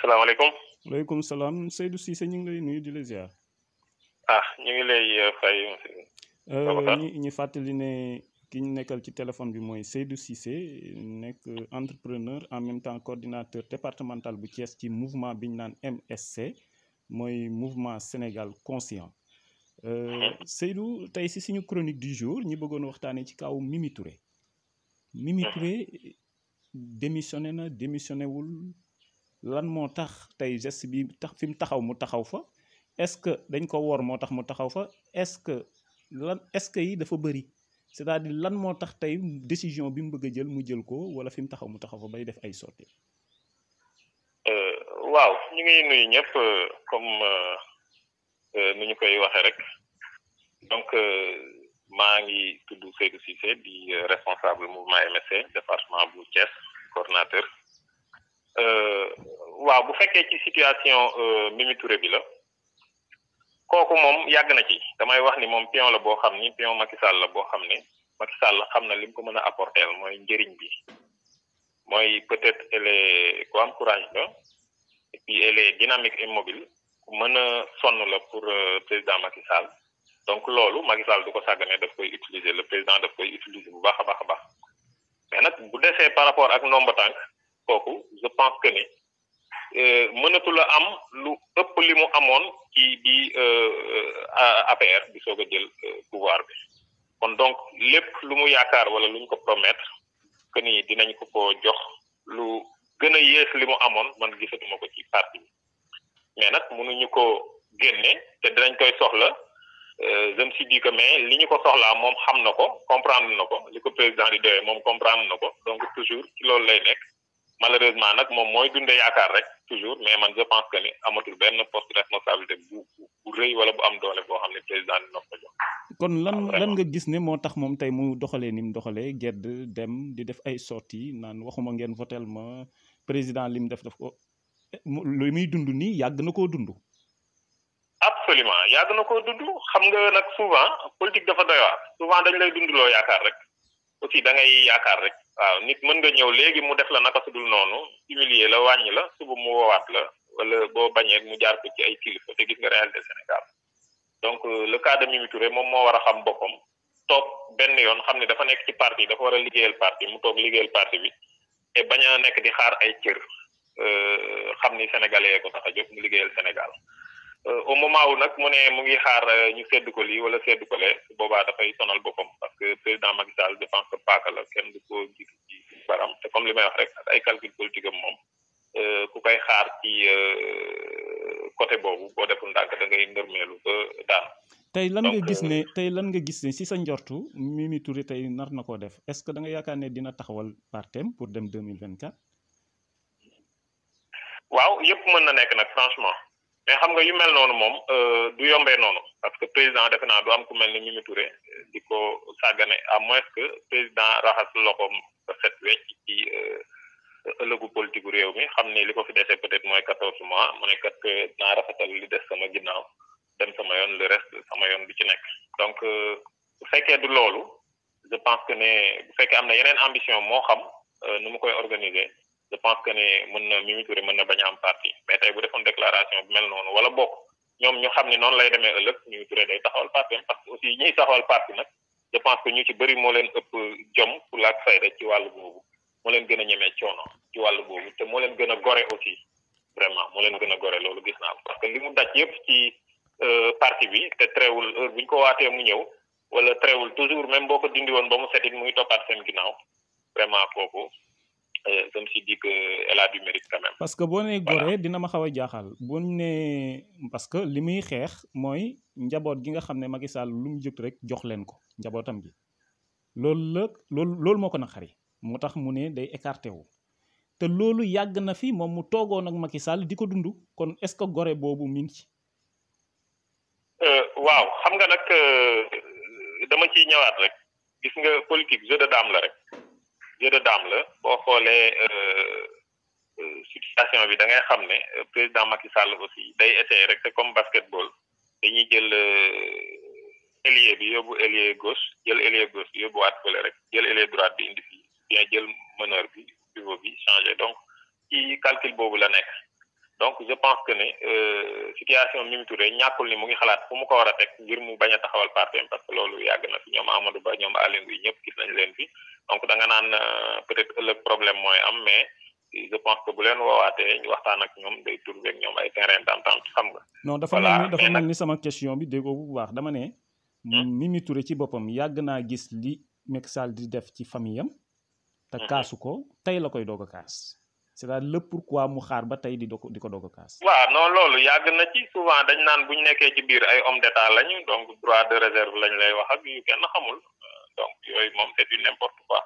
Salam alaykoum salam, Seydou Cissé ñu ngi lay nuyu ah ñu ngi lay euh, fay. ki téléphone Seydou Cissé entrepreneur en même temps coordinateur départemental bu Thiès ci mouvement MSC mooy mouvement Sénégal conscient euh, mhm. Seydou tey si chronique du jour ñi bëggoon waxtaanee ci kaw Mimi mhm lan moo tax geste bi tax taxaw mu fa est-ce que dañ ko wor moo mu taxaw fa est-ce que lan est-ce que c'est-à-dire lan moo tax décision bi mu bëgg a jël mu jël ko wala fi taxaw mu fa comme koy donc maa mouvement MSC département bu coordinateur. Euh, waaw bu fekkee ci situation euh, Mimi Touré bi la kooku moom yàgg na ci damay wax ni moom pion la boo xam ni pion Macky Sall la boo xam ne Macky Sall xam na li mu ko mën a apporter mooy njëriñ bi mooy peut-être elle est ku am courage la et puis elle dynamique et ku mën a sonn la pour euh, président Macky Sall donc loolu Macky Sall du ko sàgganee daf koy utiliser le président daf koy utiliser bu baax a baax a baax mais nag bu desee par rapport ak ndomba tànk kooku je pense que ni euh, mënatu la am lu ëpp li mu amoon ci bi euh, euh, APR bi soog a jël pouvoir bi kon donc lépp lu mu yaakaar wala lu ko promettre que nii dinañ ko ko jox lu gën a yées li mu amoon man gisatuma ko ci parti bi mais nag ñu ko génne te dinañ koy soxla je me suis dit que mais li ñu ko soxlaa moom xam na ko comprendre na ko li ko président di doyee moom comprendre na ko donc toujours ci loolu lay nekk malheureusement nag moom mooy dundee yaakaar rek toujours mais man je pense que ni amatul benn poste de responsabilité bu bu wala bu am doole boo xam ne président dina ko kon lan ah, lan nga gis ne moo tax moom tey mu doxalee ni mu doxalee gedd dem di def ay sorties naan waxuma ngeen votel ma président li mu def daf ko lu muy dund nii yàgg na koo dund. absolument yàgg na koo dund xam nga nag souvent politique dafa doy waar souvent dañ lay dundloo yaakaar rek aussi da ngay yaakaar rek. waaw nit mën nga ñëw léegi mu def la naka sudul noonu humilier la wàññi la suba mu woowaat la wala boo bañee mu jaar ko ci ay kilifa te gis nga réalité Sénégal donc euh, le cas de Mimi Touré moom moo war a xam boppam toog benn yoon xam ne dafa nekk ci parti dafa war a liggéeyal parti mu toog liggéeyal parti bi te bañ a nekk di xaar ay cër euh, xam ni sénégalais ko tax a jóg mu liggéeyal Sénégal euh, au nag mu ne mu ngi xaar ñu sedd ko lii wala sedd ko lee dafay sonal boppam président Macky Sall je pense que paaka la kenn du ko gis ci param te comme limay wax rek ay calcul politique mom euh ku koy xaar ci euh côté bobu bo deful ndànk da ngay ndermelu ba daan tay lan nga gis ne tay lan nga gis ne ci sa ndortu Mimi Touré tay nar nako def est ce que da nga yakane dina taxawal partem pour dem 2024 waaw yëpp mën na nek nak franchement mais xam nga yu mel noonu moom euh, du yombee noonu parce que président defe naa du am ku mel ni Mimi Touré di ko sàggane à moins que président raxas loxoom ba set wecc ci euh, ëllëgu politique bu réew mi xam ni li ko fi dese peut-être mooy quatorze mois mu ne euh, naa rafetal li des sama ginnaaw dem sama yoon le reste sama yoon bi ci nekk donc bu fekkee du loolu je pense que ne bu fekkee am na yeneen ambition moo xam nu mu koy organiser je pense que ne mën na Mimi Touré mën na bañ am parti mais tey bu defoon déclaration bi mel noonu wala bokk ñoom ñu xam ne noonu lay demee ëllëg Mimi Touré day taxawal parti parce que parti nag je pense que ñu ci bëri moo leen ëpp jom pour laak fayda ci wàllu boobu moo leen gën a ñemee coono ci wàllu boobu te moo leen gën a gore aussi vraiment moo leen gën a gore loolu gis naa ko parce que li mu daj yëpp ci euh, parti bi te tréewul heure bu ko waatee mu ñëw wala tréewul toujours même boo ko dindi woon ba mu setit mu ngi toppaat seen ginnaaw vraiment kooku je euh, que parce que boo nee gore dina ma xaw a jaaxal bu nee parce que li muy xeex mooy njaboot gi nga xam ne Macky Sall lu mu rek jox leen ko njabootam gi loolu la loolu loolu kon a xari moo tax mu ne day écarté wu te loolu yàgg na fi moom mu toogoon ak Macky Sall di ko dund kon est-ce que gore boobu mi ngi ci. Euh, waaw xam nga nag euh, dama ci ñëwaat rek gis nga politique jeu de dame la rek. jeu de dame la boo xoolee euh, euh, situation bi da ngay xam ne euh, président Macky Sall aussi day essayer rek c'est comme basketball dañuy jël ailier bi yóbbu ailier gauche jël ailier gauche bi yóbbu waat rek jël ailier droite bi indi fii bien jël meneur bi pivot bi changé donc ci calcul boobu la nekk donc je pense que ni euh, situation Mimi Touré ñàkkul ni mu ngi xalaat fu mu ko war a teg ngir mu bañ a taxawal partem parce que loolu yàgg na fi ñoom Amadou Ba ñoom Aline wi ñëpp gis nañ leen fi donc da nga naan euh, peut être ëllëg problème mooy am mais je pense que bu leen woowaatee ñu waxtaan ak ñoom day trouver ak ñoom ay terrain d'entente xam nga. non dafa mel ni dafa mel ni sama question bi déggoo bu baax dama ne. Hmm? Mimi Touré ci boppam yàgg naa gis li Macky di def ci famille am. te hmm, hmm. kaasu ko tey la koy doog a kaas. c'est-à-dire pourquoi mu xaar ba tey di ko di kaas. waaw no loolu yàgg na ci souvent dañ naan bu ñu nekkee ci biir ay homme d'état lañu donc droit de réserve lañ lay wax ak yu kenn xamul donc yooyu moom c'est du n'importe quoi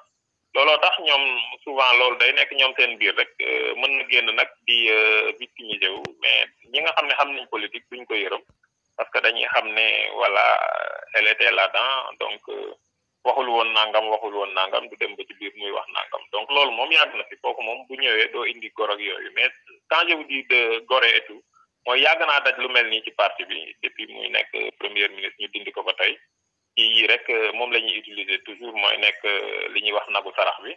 looloo tax ñoom souvent loolu day nekk ñoom seen biir rek euh, mën na génn nag di euh, victimiser wu mais ñi nga xam ne xam nañ politique buñ ko yërëm parce que dañuy xam ne voilà elle était là-dedans donc. Euh, waxul woon nangam waxul woon nangam du dem ba ci biir muy wax nangam donc loolu moom yàgg na fi kooku moom bu ñëwee doo indi gor ak yooyu mais quand je vous dis de gore et mooy yàgg naa daj lu mel nii ci parti bi depuis muy nekk premier ministre ñu dindi ko ba tey ci yi rek moom la ñuy utiliser toujours mooy nekk euh, li ñuy wax nagu sarax bi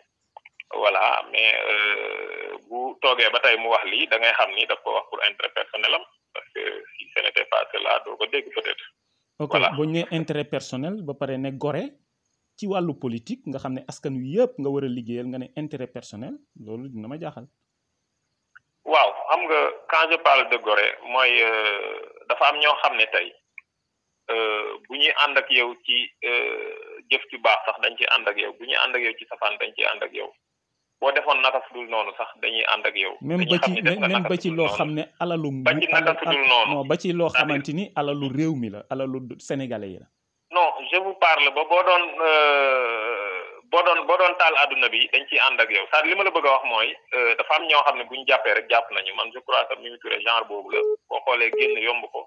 voilà mais euh, bu toogee ba tey mu wax lii da ngay xam ni daf ko wax pour intérêt personnel am parce que si ce n'était ko dégg peut-être. pare ne gore. ci wàllu politique nga xam ne askan wi yëpp nga war a liggéeyal nga ne intérêt personnel loolu dina ma jaaxal. waaw xam nga quand je parle de Gorée mooy euh, dafa am ñoo xam ne tey euh, bu ñuy ànd ak yow ci euh, jëf ci baax sax dañ ciy ànd ak yow bu ñuy ànd ak yow ci safaan dañ ciy ànd ak yow boo defoon naka su dul noonu sax dañuy ànd ak yow. même ba ci même ba ci loo xam ne alalu. ba ci naka ba ci loo xamante ni alalu réew mi la alalu sénégalais yi la. je vous parle ba boo doon euh, boo doon boo doon taal adduna bi dañ ciy ànd ak yow saa li ma la bëgg a wax mooy euh, dafa am ñoo xam ne bu ñu jàppee rek jàpp nañu man je crois que Mimi Touré genre boobu la boo xoolee génn yomb ko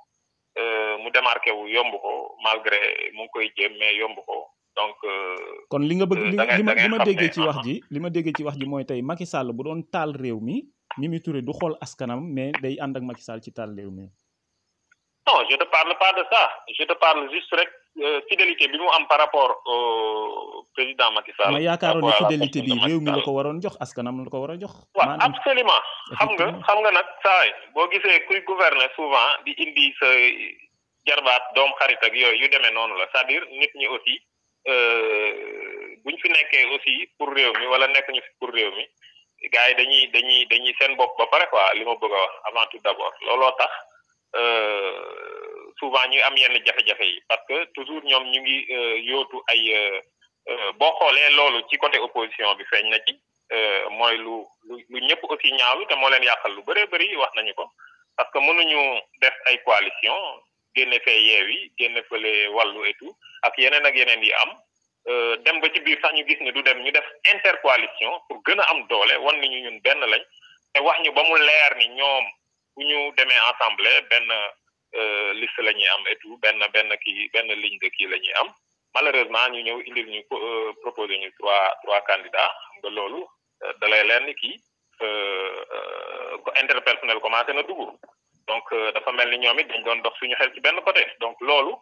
euh, mu démarqué wu yomb ko malgré mu ngi koy jéem mais yomb ko donc. kon li nga bëgg li ma li ma déggee ci wax ji li ma déggee ci wax ji mooy tey Macky Sall bu doon taal réew mi Mimi du xool askanam mais day ànd ak Macky Sall ci taal réew mi. non je te parle pas de ça je te parle juste rek. Euh, fidélité bi mu am par rapport au président Macky Sall. ma yaakaaroon fidélité bi réew mi la ko waroon jox askanam la ko war a jox. waaw absolument xam nga xam nga nag saa boo gisee kuy gouverner souvent di indi sa jarbaat doom xarit ak yooyu yu demee noonu la c'est-à-dire nit ñi aussi euh, buñ fi nekkee aussi pour réew mi wala nekk ñu fi pour réew mi gars yi dañuy dañuy dañuy seen bopp ba pare quoi li ma bëgg a wax avant tout d'abord looloo tax. Euh, souvent ñuy am yenn jafe-jafe yi parce que toujours ñoom ñu ngi euh, yootu ay euh, euh, boo xoolee loolu ci côté opposition bi feeñ na ci mooy lu lu ñëpp aussi ñaawlu te moo leen yàqal lu bëree bëri wax nañu ko parce que mënuñu def ay coalition génne fee yeew yi génne fële wàllu et ak yeneen ak yeneen yi am dem ba ci biir sax ñu gis ne du dem ñu def intercoalition pour gën a am doole wan ni ñu ñun benn lañ te wax ñu ba mu leer ni ñoom bu ñu demee assemblée benn Euh, liste la ñuy am et benn benn kii benn ligne de kii la ñuy am malheureusement ñu ñëw indi lu ñu euh, proposé ñu trois trois candidats nga loolu euh, da lay leen ni kii interpersonnel commencé na dugg donc dafa mel ni ñoom it dañ doon dox suñu xel ci benn côté donc loolu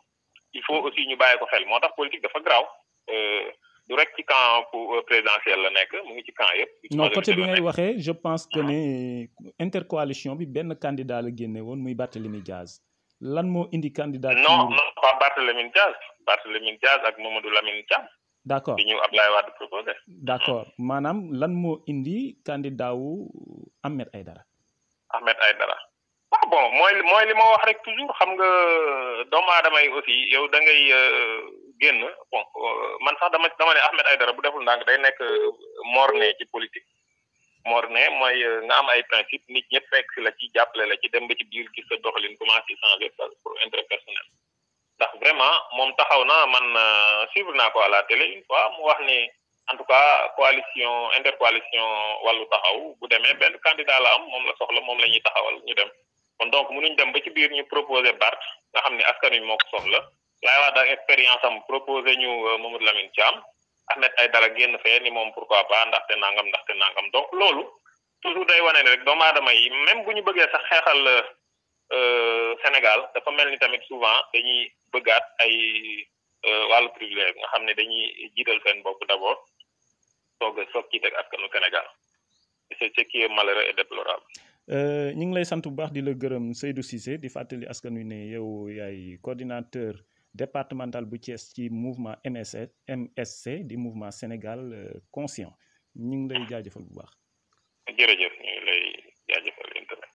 il faut aussi ñu bàyyi ko xel moo tax politique dafa garaaw du rek ci camp présidentiel la nekk mu ngi ci camp yëpp. non côté bi ngay waxee je pense que ah. ne intercoalition bi benn candidat la génne woon muy Barthélémy Diaz. lan mo indi candidat. non non pas Barthélémy Diaz Barthélémy Diaz ak Mamadou Lamine Thiam. d' accord bi ñu Abdoulaye Wade proposé. d' accord maanaam lan mo indi candidat wu Ahmed Aydara. Ahmed Aydara. Ah bon mooy mooy li ma wax rek toujours xam nga doomu aadama yi aussi yow da ngay euh, génn bon euh, man sax dama dama ne Ahmed Aydara bu deful ndànk day nekk moor euh, morne ci politique. morne mooy euh, nga am ay principe nit ñëpp fekk la ci jàppale la ci dem ba ci biir gis sa doxalin commencé changer pour intérêt ndax vraiment moom taxaw na man euh, suivre naa ko à la télé une fois mu wax ni en tout cas coalition intercoalition wàllu taxaw bu demee benn candidat la am moom la soxla moom la ñuy taxawal ñu dem kon donc mënuñ dem ba ci biir ñu proposé Bart nga xam ni askan wi moo ko soxla laay wax daal expérience am proposé ñu euh, Mamadou Lamine Thiam ay dara génn fee ni moom pourquoi pas ndaxte nangam ndaxte nangam donc loolu toujours day wane ne rek doomu aadama yi même bu ñu bëggee sax xeexal eh, eh, Sénégal dafa mel ni tamit souvent dañuy bëggaat ay eh, wàllu privilège nga xam ne dañuy jiital kan, seen bopp d' abord soog a soog ci askanu Sénégal c' est ce qui est malheureux et déplorable. ñu ngi lay sant bu baax di la gërëm Seydou Cissé di fàttali askan wi ne yow yaay coordinateur. départemental bu Thiès ci mouvement MSC MSC du mouvement Sénégal euh, conscient ñing lay jajeufal bu baax.